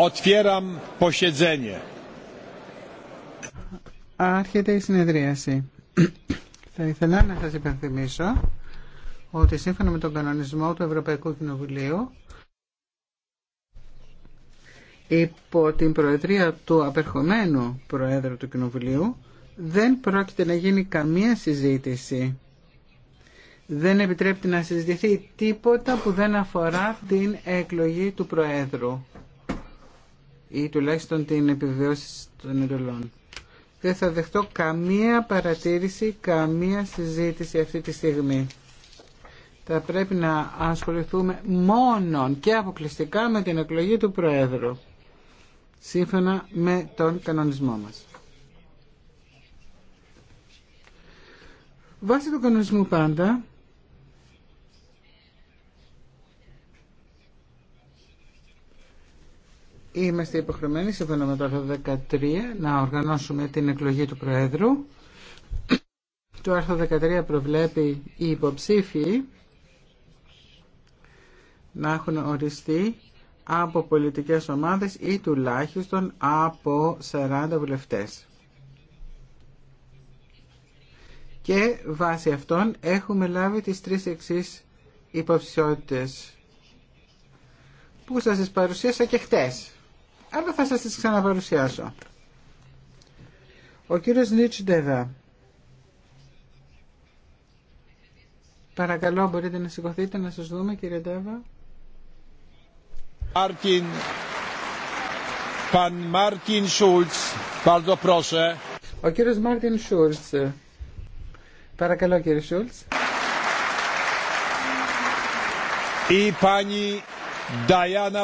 Otwieram posiedzenie. Άρχεται η συνεδρίαση. Θα ήθελα να σας υπενθυμίσω ότι σύμφωνα με τον κανονισμό του Ευρωπαϊκού Κοινοβουλίου υπό την προεδρία του απερχομένου Προέδρου του Κοινοβουλίου δεν πρόκειται να γίνει καμία συζήτηση. Δεν επιτρέπεται να συζητηθεί τίποτα που δεν αφορά την εκλογή του Προέδρου ή τουλάχιστον την επιβεβαιώση των εντολών. Δεν θα δεχτώ καμία παρατήρηση, καμία συζήτηση αυτή τη στιγμή. Θα πρέπει να ασχοληθούμε μόνον και αποκλειστικά με την εκλογή του Προέδρου, σύμφωνα με τον κανονισμό μας. Βάσει του κανονισμού πάντα, Είμαστε υποχρεωμένοι, σύμφωνα με το 13, να οργανώσουμε την εκλογή του Προέδρου. Το άρθρο 13 προβλέπει οι υποψήφοι να έχουν οριστεί από πολιτικές ομάδες ή τουλάχιστον από 40 βουλευτές. Και βάσει αυτών έχουμε λάβει τις τρεις εξής υποψηφιότητες που σας τις παρουσίασα και χτες αλλά θα σας τις ξαναπαρουσιάσω. Ο κύριος Νίτσιντεβα. Παρακαλώ, μπορείτε να σηκωθείτε να σας δούμε, κύριε Ντέβα. Μάρτιν, Παν Μάρτιν Σούλτς, πρόσε. Ο κύριος Μάρτιν Σούλτς. Παρακαλώ, κύριε Σούλτς. Η πάνη Νταϊάννα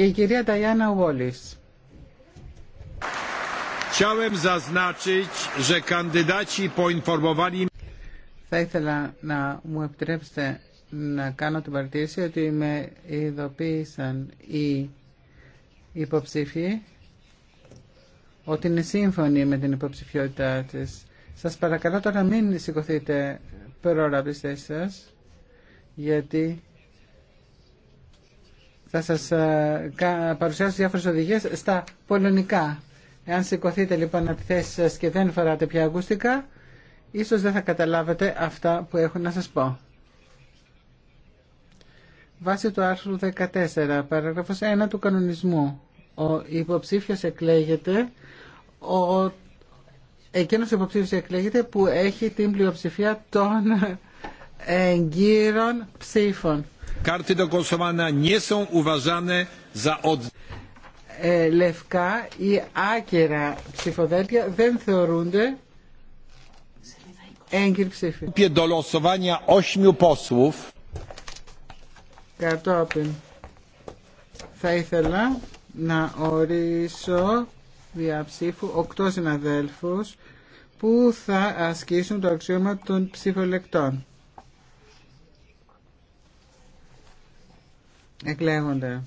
και η κυρία Ταϊάννα Βόλης. Θα ήθελα να μου επιτρέψετε να κάνω την παρατήρηση ότι με ειδοποίησαν οι υποψήφοι ότι είναι σύμφωνοι με την υποψηφιότητά της. Σας παρακαλώ τώρα μην σηκωθείτε πρόωρα από σας, γιατί θα σας ε, παρουσιάσω διάφορες οδηγίες στα πολωνικά. Εάν σηκωθείτε λοιπόν από τη θέση σας και δεν φοράτε πια ακουστικά, ίσως δεν θα καταλάβετε αυτά που έχω να σας πω. Βάσει του άρθρου 14, παράγραφος 1 του κανονισμού, ο υποψήφιος εκλέγεται ο... Εκείνος υποψήφιος εκλέγεται που έχει την πλειοψηφία των εγκύρων ψήφων. Ε, Λευκά ή άκυρα ψηφοδέλτια δεν θεωρούνται έγκυρη ψήφι. ποσου. Κατόπιν θα ήθελα να ορίσω διαψήφου οκτώ συναδέλφους που θα ασκήσουν το αξίωμα των ψηφολεκτών. εκλέγονται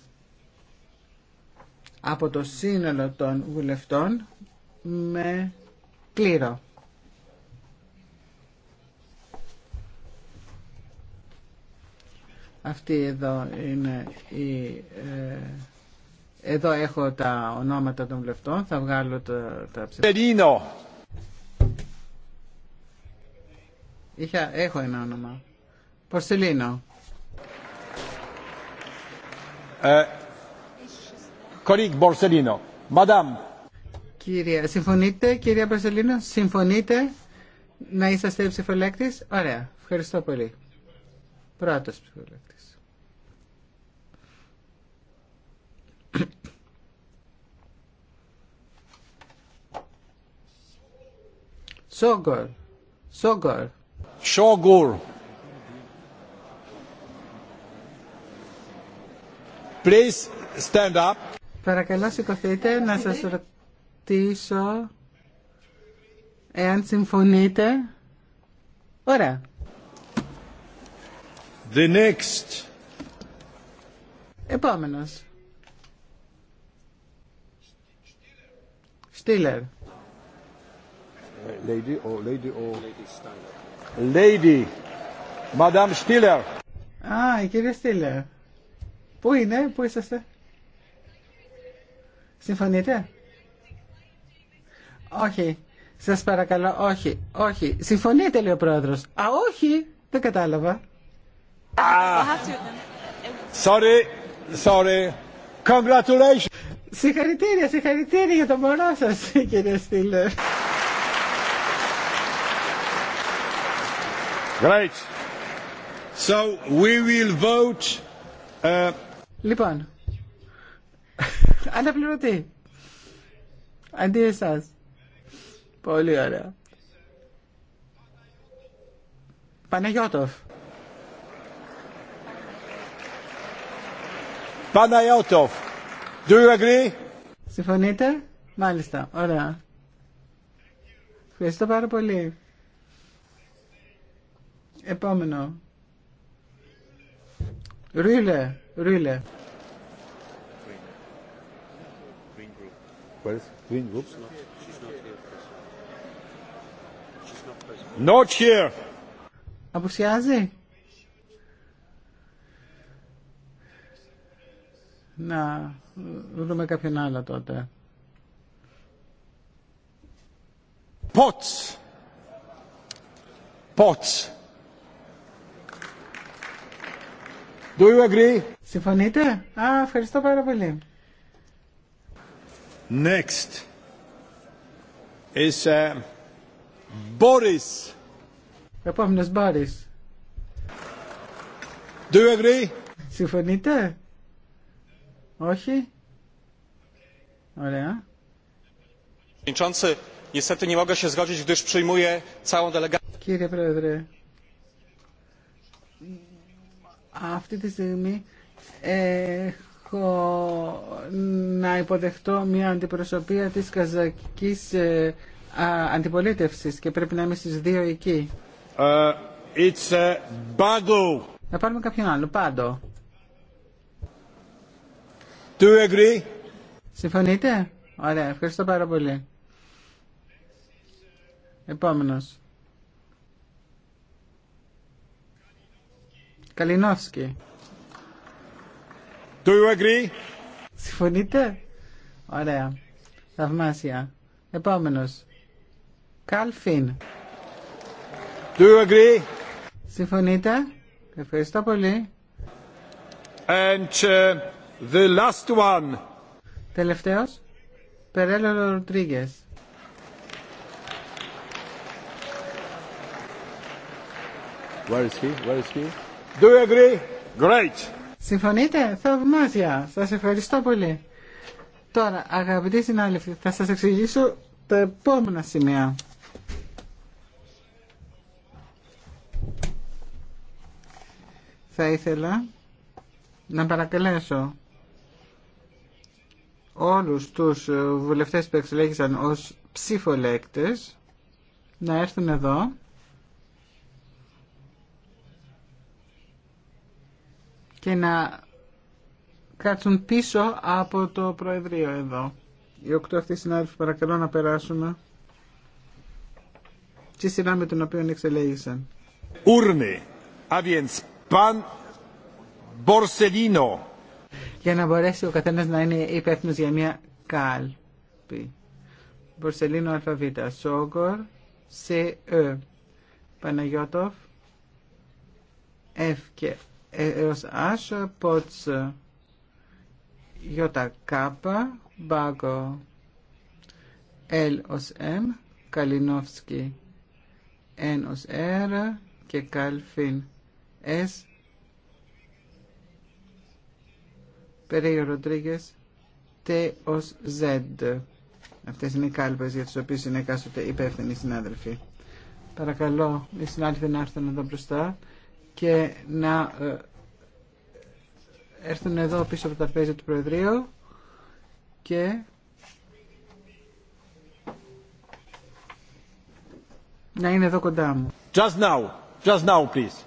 από το σύνολο των βουλευτών με κλήρο. Αυτή εδώ είναι η... Ε, εδώ έχω τα ονόματα των βουλευτών. Θα βγάλω τα, τα ψηφιακά. Είχα, έχω ένα όνομα. Πορσελίνο. Ε, κυρία, συμφωνείτε, κυρία Μπορσελίνο, συμφωνείτε να είσαστε ψηφολέκτης. Ωραία, ευχαριστώ πολύ. Πρώτος ψηφολέκτης. Σόγκορ. Σόγκορ. Σόγκορ. Please stand up. Παρακαλώ σηκωθείτε να σας ρωτήσω εάν συμφωνείτε. Ωραία. The next. Επόμενος. Stiller. Lady or oh, lady or oh. lady. Madame Stiller. Α, η κυρία Στίλερ. Πού είναι, πού είσαστε. Συμφωνείτε. Όχι. Σας παρακαλώ, όχι, όχι. Συμφωνείτε, λέει ο πρόεδρος. Α, όχι, δεν κατάλαβα. Sorry, sorry. Congratulations. Συγχαρητήρια, συγχαρητήρια για το μωρό σας, κύριε Στήλερ. Great. So we will vote uh, Λοιπόν, αναπληρωτή. Αντί εσά. Πολύ ωραία. Παναγιώτοφ. Παναγιώτοφ. Do you agree? Συμφωνείτε? Μάλιστα. Ωραία. Ευχαριστώ πάρα πολύ. Επόμενο. Green group, Where is Green Group? Not here. Απουσιάζει. Να βρούμε κάποιον άλλο τότε. Pots. Pots. Do you agree? Συμφωνείτε? Α, ευχαριστώ πάρα πολύ. Next is uh, Boris. Επόμενος Boris. Do you agree? Συμφωνείτε? Όχι? Ωραία. Κύριε Πρόεδρε, αυτή τη στιγμή έχω να υποδεχτώ μια αντιπροσωπεία της καζακικής ε, αντιπολίτευσης και πρέπει να είμαι στις δύο εκεί. Ε, it's a Να πάρουμε κάποιον άλλο, πάντο. Do you agree? Συμφωνείτε? Ωραία, ευχαριστώ πάρα πολύ. Επόμενος. Καλινόφσκι. Do you agree? Συμφωνείτε? Ωραία. Θαυμάσια. Επόμενος. Καλφίν. Do you agree? Συμφωνείτε? Ευχαριστώ πολύ. And uh, the last one. Τελευταίος. Περέλο Ροντρίγκες. Where is he? Where is he? Do agree? Great. Συμφωνείτε? Θαυμάσια. Σας ευχαριστώ πολύ. Τώρα, αγαπητοί συνάδελφοι, θα σας εξηγήσω τα επόμενα σημεία. Θα ήθελα να παρακαλέσω όλους τους βουλευτές που εξελέγησαν ως ψηφολέκτες να έρθουν εδώ και να κάτσουν πίσω από το Προεδρείο εδώ. Οι οκτώ αυτοί συνάδελφοι παρακαλώ να περάσουμε στη σειρά με την οποία εξελέγησαν. Ούρνη, αβιενς, παν, μπορσελίνο. Για να μπορέσει ο καθένας να είναι υπεύθυνος για μια κάλπη. Μπορσελίνο αλφαβήτα, Σόγκορ, ΣΕ, ε. Παναγιώτοφ, εφ έως Άσο, Πότς, Ιώτα Κάπα, Μπάγκο, Ελ ως Μ, Καλινόφσκι, Εν ως Έρα και Καλφίν, Εσ, Περέιο Ροντρίγες, Τε ως Αυτές είναι οι κάλπες για τις οποίες είναι εκάστοτε υπεύθυνοι συνάδελφοι. Παρακαλώ, οι συνάδελφοι να έρθουν εδώ μπροστά και να ε, έρθουν εδώ πίσω από τα πέζια του Προεδρείου και να είναι εδώ κοντά μου. Just now, just now please.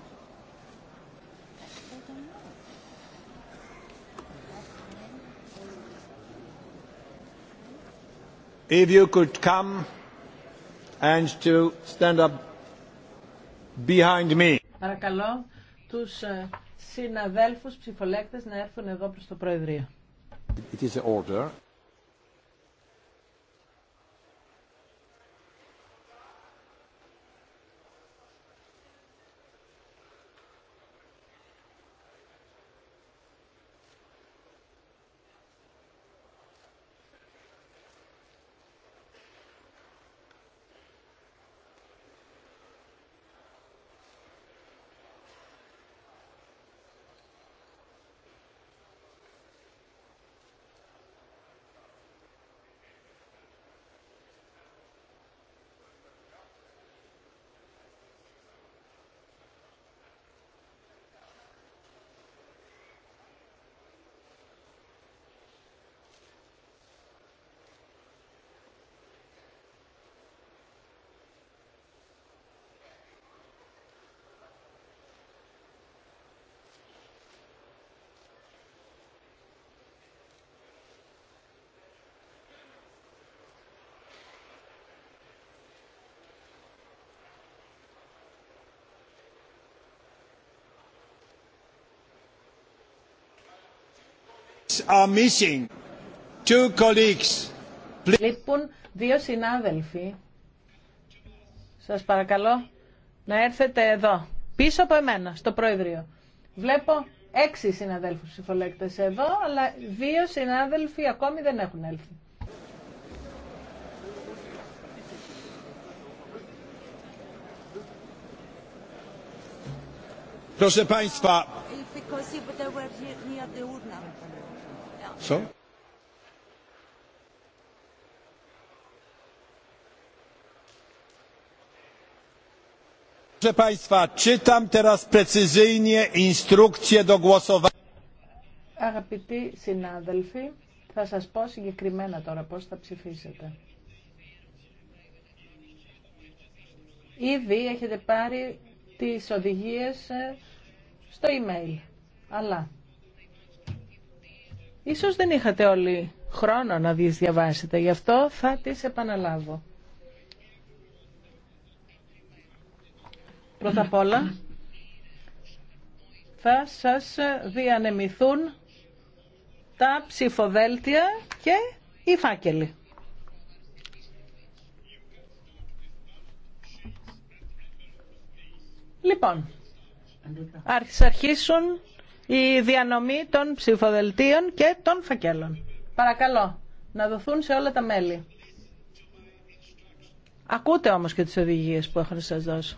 If you could come and to stand up behind me. Παρακαλώ τους ε, συναδέλφους ψηφολέκτες να έρθουν εδώ προς το Προεδρείο. Λοιπόν, δύο συνάδελφοι. Σας παρακαλώ να έρθετε εδώ, πίσω από εμένα, στο Προεδρείο. Βλέπω έξι συναδέλφους συμφολέκτες εδώ, αλλά δύο συνάδελφοι ακόμη δεν έχουν έλθει. Proszę Państwa, So? Proszę Αγαπητοί συνάδελφοι, θα σας πω συγκεκριμένα τώρα πώς θα ψηφίσετε. Ήδη έχετε πάρει τις οδηγίες ε, στο email, αλλά Ίσως δεν είχατε όλοι χρόνο να δεις διαβάσετε, γι' αυτό θα τις επαναλάβω. Πρώτα απ' όλα, θα σας διανεμηθούν τα ψηφοδέλτια και οι φάκελοι. Λοιπόν, αρχίσουν η διανομή των ψηφοδελτίων και των φακέλων. Παρακαλώ, να δοθούν σε όλα τα μέλη. Ακούτε όμως και τις οδηγίες που έχω να σας δώσω.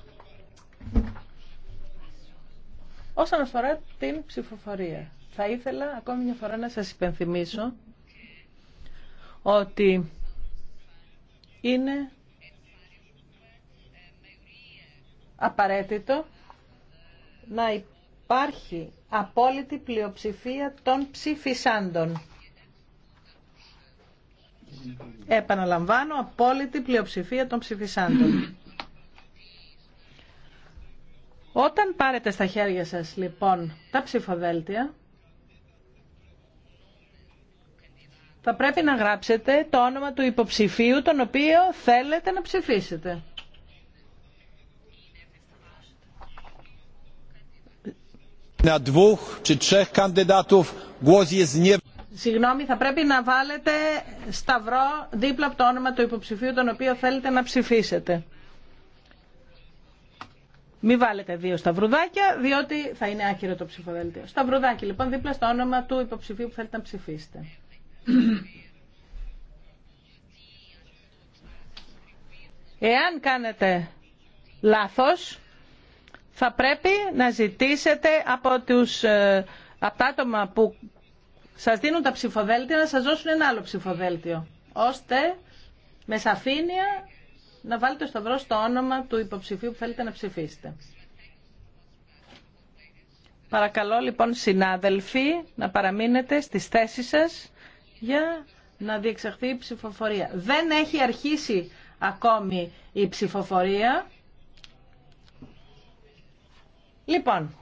Όσον αφορά την ψηφοφορία, θα ήθελα ακόμη μια φορά να σας υπενθυμίσω ότι είναι απαραίτητο να υπάρχει απόλυτη πλειοψηφία των ψηφισάντων. Επαναλαμβάνω, απόλυτη πλειοψηφία των ψηφισάντων. Όταν πάρετε στα χέρια σας, λοιπόν, τα ψηφοδέλτια, θα πρέπει να γράψετε το όνομα του υποψηφίου τον οποίο θέλετε να ψηφίσετε. Συγγνώμη, θα πρέπει να βάλετε σταυρό δίπλα από το όνομα του υποψηφίου τον οποίο θέλετε να ψηφίσετε. Μην βάλετε δύο σταυρουδάκια, διότι θα είναι άκυρο το ψηφοδέλτιο. Σταυρουδάκι, λοιπόν, δίπλα στο όνομα του υποψηφίου που θέλετε να ψηφίσετε. Εάν κάνετε λάθος, θα πρέπει να ζητήσετε από, τους, ε, από τα άτομα που σας δίνουν τα ψηφοδέλτια να σας δώσουν ένα άλλο ψηφοδέλτιο, ώστε με σαφήνεια να βάλετε στο βρός το όνομα του υποψηφίου που θέλετε να ψηφίσετε. Παρακαλώ λοιπόν συνάδελφοι να παραμείνετε στις θέσεις σας για να διεξαχθεί η ψηφοφορία. Δεν έχει αρχίσει ακόμη η ψηφοφορία. Λοιπόν,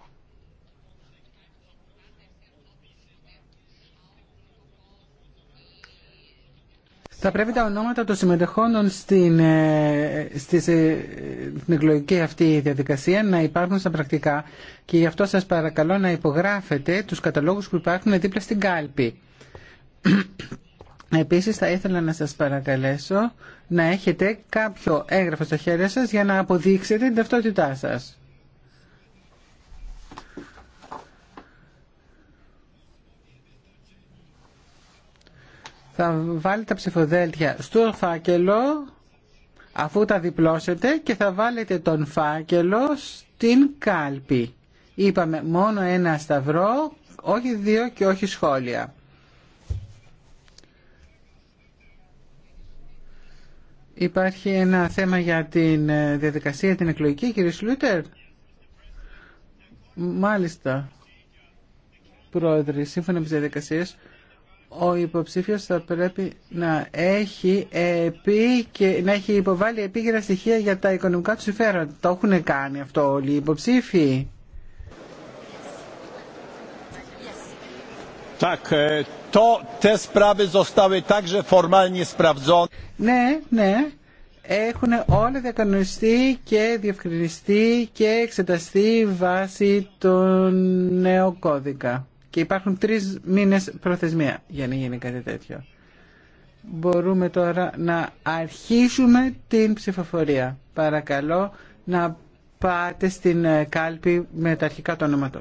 θα πρέπει τα ονόματα των συμμετεχόντων στην, ε, ε, στην εκλογική αυτή διαδικασία να υπάρχουν στα πρακτικά και γι' αυτό σας παρακαλώ να υπογράφετε τους καταλόγους που υπάρχουν δίπλα στην κάλπη. Επίσης θα ήθελα να σας παρακαλέσω να έχετε κάποιο έγγραφο στα χέρια σας για να αποδείξετε την ταυτότητά σας. θα βάλει τα ψηφοδέλτια στο φάκελο αφού τα διπλώσετε και θα βάλετε τον φάκελο στην κάλπη. Είπαμε μόνο ένα σταυρό, όχι δύο και όχι σχόλια. Υπάρχει ένα θέμα για την ε, διαδικασία την εκλογική, κύριε Σλούτερ. Μάλιστα, πρόεδρε, σύμφωνα με τις διαδικασίες, ο υποψήφιος θα πρέπει να έχει, επί και, να έχει υποβάλει επίκαιρα στοιχεία για τα οικονομικά του συμφέροντα. Το έχουν κάνει αυτό όλοι οι υποψήφοι. Ε, ναι, ναι. Έχουν όλα διακανονιστεί και διευκρινιστεί και εξεταστεί βάσει των νέων κώδικα και υπάρχουν τρει μήνες προθεσμία για να γίνει κάτι τέτοιο. Μπορούμε τώρα να αρχίσουμε την ψηφοφορία. Παρακαλώ να πάτε στην ε, κάλπη με τα αρχικά του ονόματό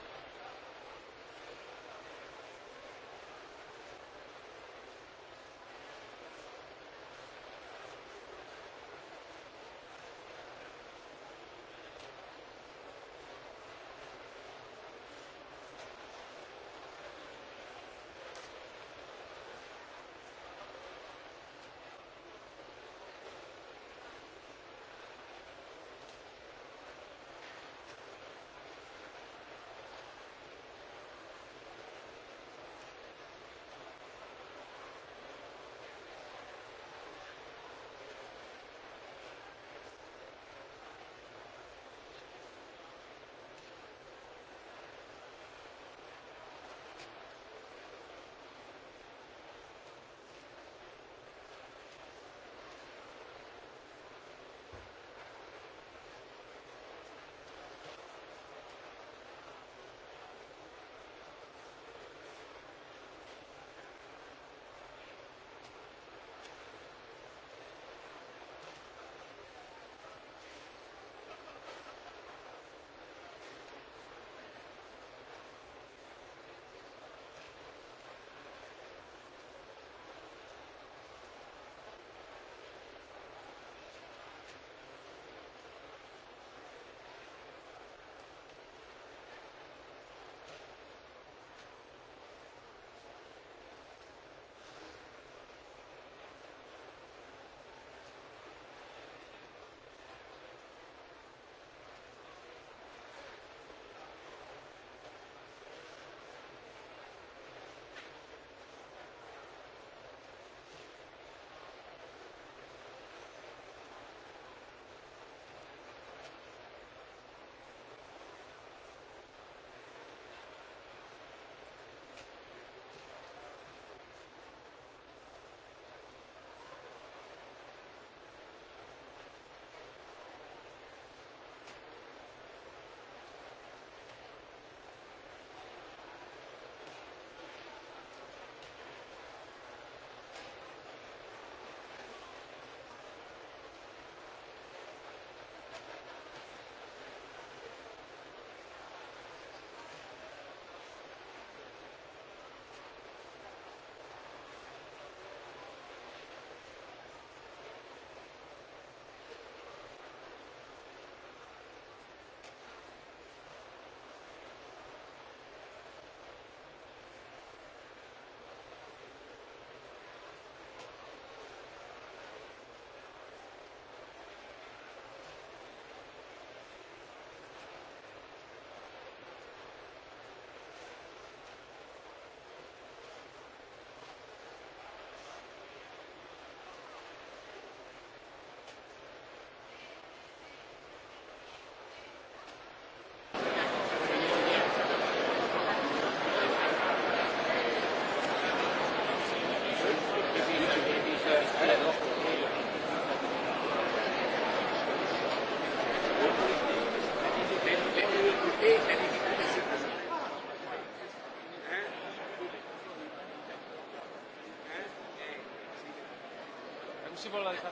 Συμβολικά.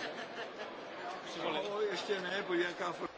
Συμβολικά. Όχι, εστιανέ, που για κάθε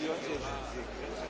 No, other.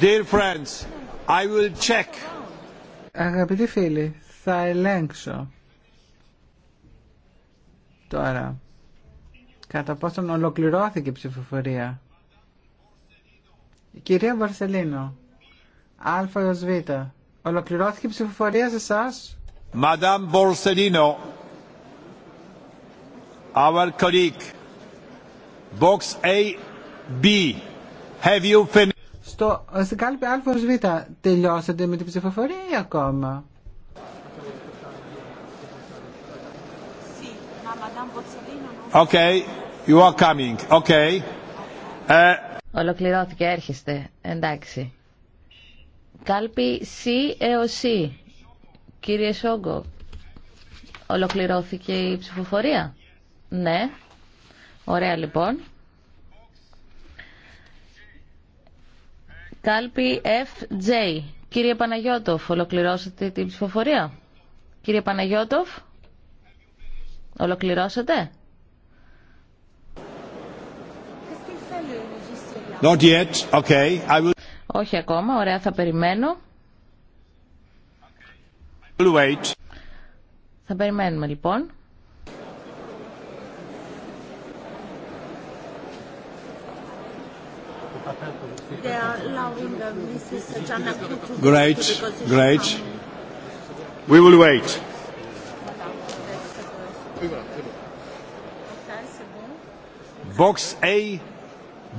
Dear friends, I will check. Αγαπητοί φίλοι, θα ελέγξω τώρα κατά πόσον ολοκληρώθηκε η ψηφοφορία. Η κυρία Βαρσελίνο, α ως β. Ολοκληρώθηκε η ψηφοφορία σε εσά. Madame Borsellino, our colleague, box A, B, have you finished? Στο, στην κάλπη ΑΒ τελειώσατε με την ψηφοφορία ή ακόμα. Okay, you are coming. Okay. Uh, ολοκληρώθηκε, έρχεστε. Εντάξει. Κάλπη C έως C. Κύριε Σόγκο, ολοκληρώθηκε η ψηφοφορία. Ναι. Ωραία λοιπόν. Κάλπη FJ. Κύριε Παναγιώτοφ, ολοκληρώσατε την ψηφοφορία. Κύριε Παναγιώτοφ, ολοκληρώσατε. Not yet. Okay. I will... Όχι ακόμα, ωραία, θα περιμένω. Okay. I will wait. Θα περιμένουμε λοιπόν. Mrs. Great, great. We will wait. Box A,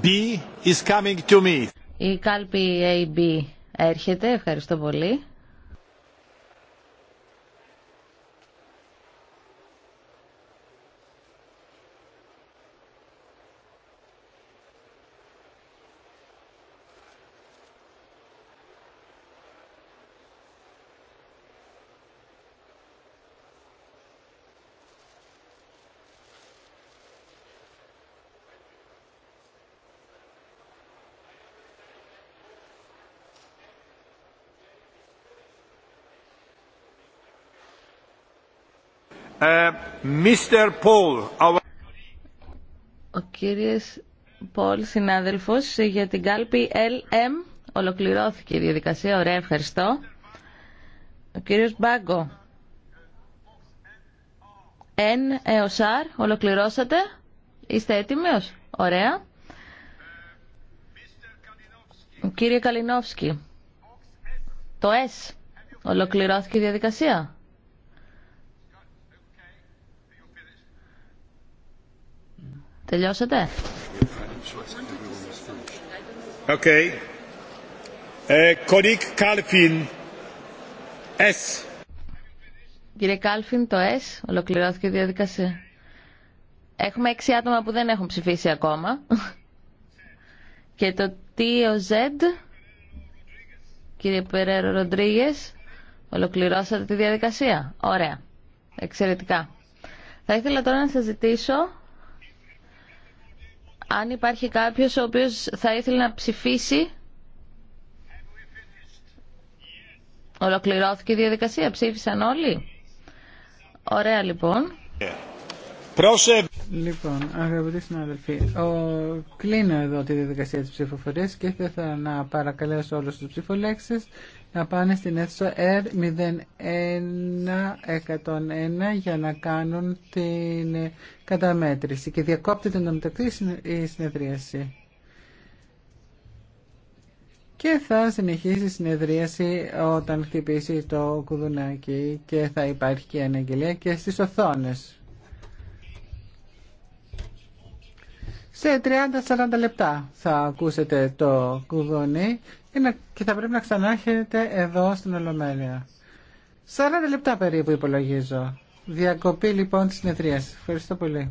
B is coming to me. Η κάλπη AB έρχεται. Ευχαριστώ πολύ. Ε, Ο κύριος Πολ, συνάδελφος, για την κάλπη LM ολοκληρώθηκε η διαδικασία. Ωραία, ευχαριστώ. Ο κύριος Μπάγκο. N έως R, ολοκληρώσατε. Είστε έτοιμος. Ωραία. Ο κύριε Καλινόφσκι. Το S. Ολοκληρώθηκε η διαδικασία. Τελειώσατε. Okay. Κάλφιν, ε, S. Κύριε Κάλφιν, το S ολοκληρώθηκε η διαδικασία. Έχουμε έξι άτομα που δεν έχουν ψηφίσει ακόμα. Και το ο Z. κύριε Περέρο Ροντρίγες, ολοκληρώσατε τη διαδικασία. Ωραία. Εξαιρετικά. Θα ήθελα τώρα να σας ζητήσω αν υπάρχει κάποιος ο οποίος θα ήθελε να ψηφίσει. Ολοκληρώθηκε η διαδικασία, ψήφισαν όλοι. Ωραία λοιπόν. Λοιπόν, αγαπητοί συναδελφοί, ο... κλείνω εδώ τη διαδικασία της ψηφοφορίας και θα ήθελα να παρακαλέσω όλους τους ψηφολέξεις να πάνε στην αίθουσα R01-101 για να κάνουν την καταμέτρηση και διακόπτεται να μεταξύ η συνεδρίαση. Και θα συνεχίσει η συνεδρίαση όταν χτυπήσει το κουδουνάκι και θα υπάρχει και αναγγελία και στις οθόνες. Σε 30-40 λεπτά θα ακούσετε το κουδούνι και θα πρέπει να ξανάρχετε εδώ στην Ολομέλεια. 40 λεπτά περίπου υπολογίζω. Διακοπή λοιπόν της συνεδρίας. Ευχαριστώ πολύ.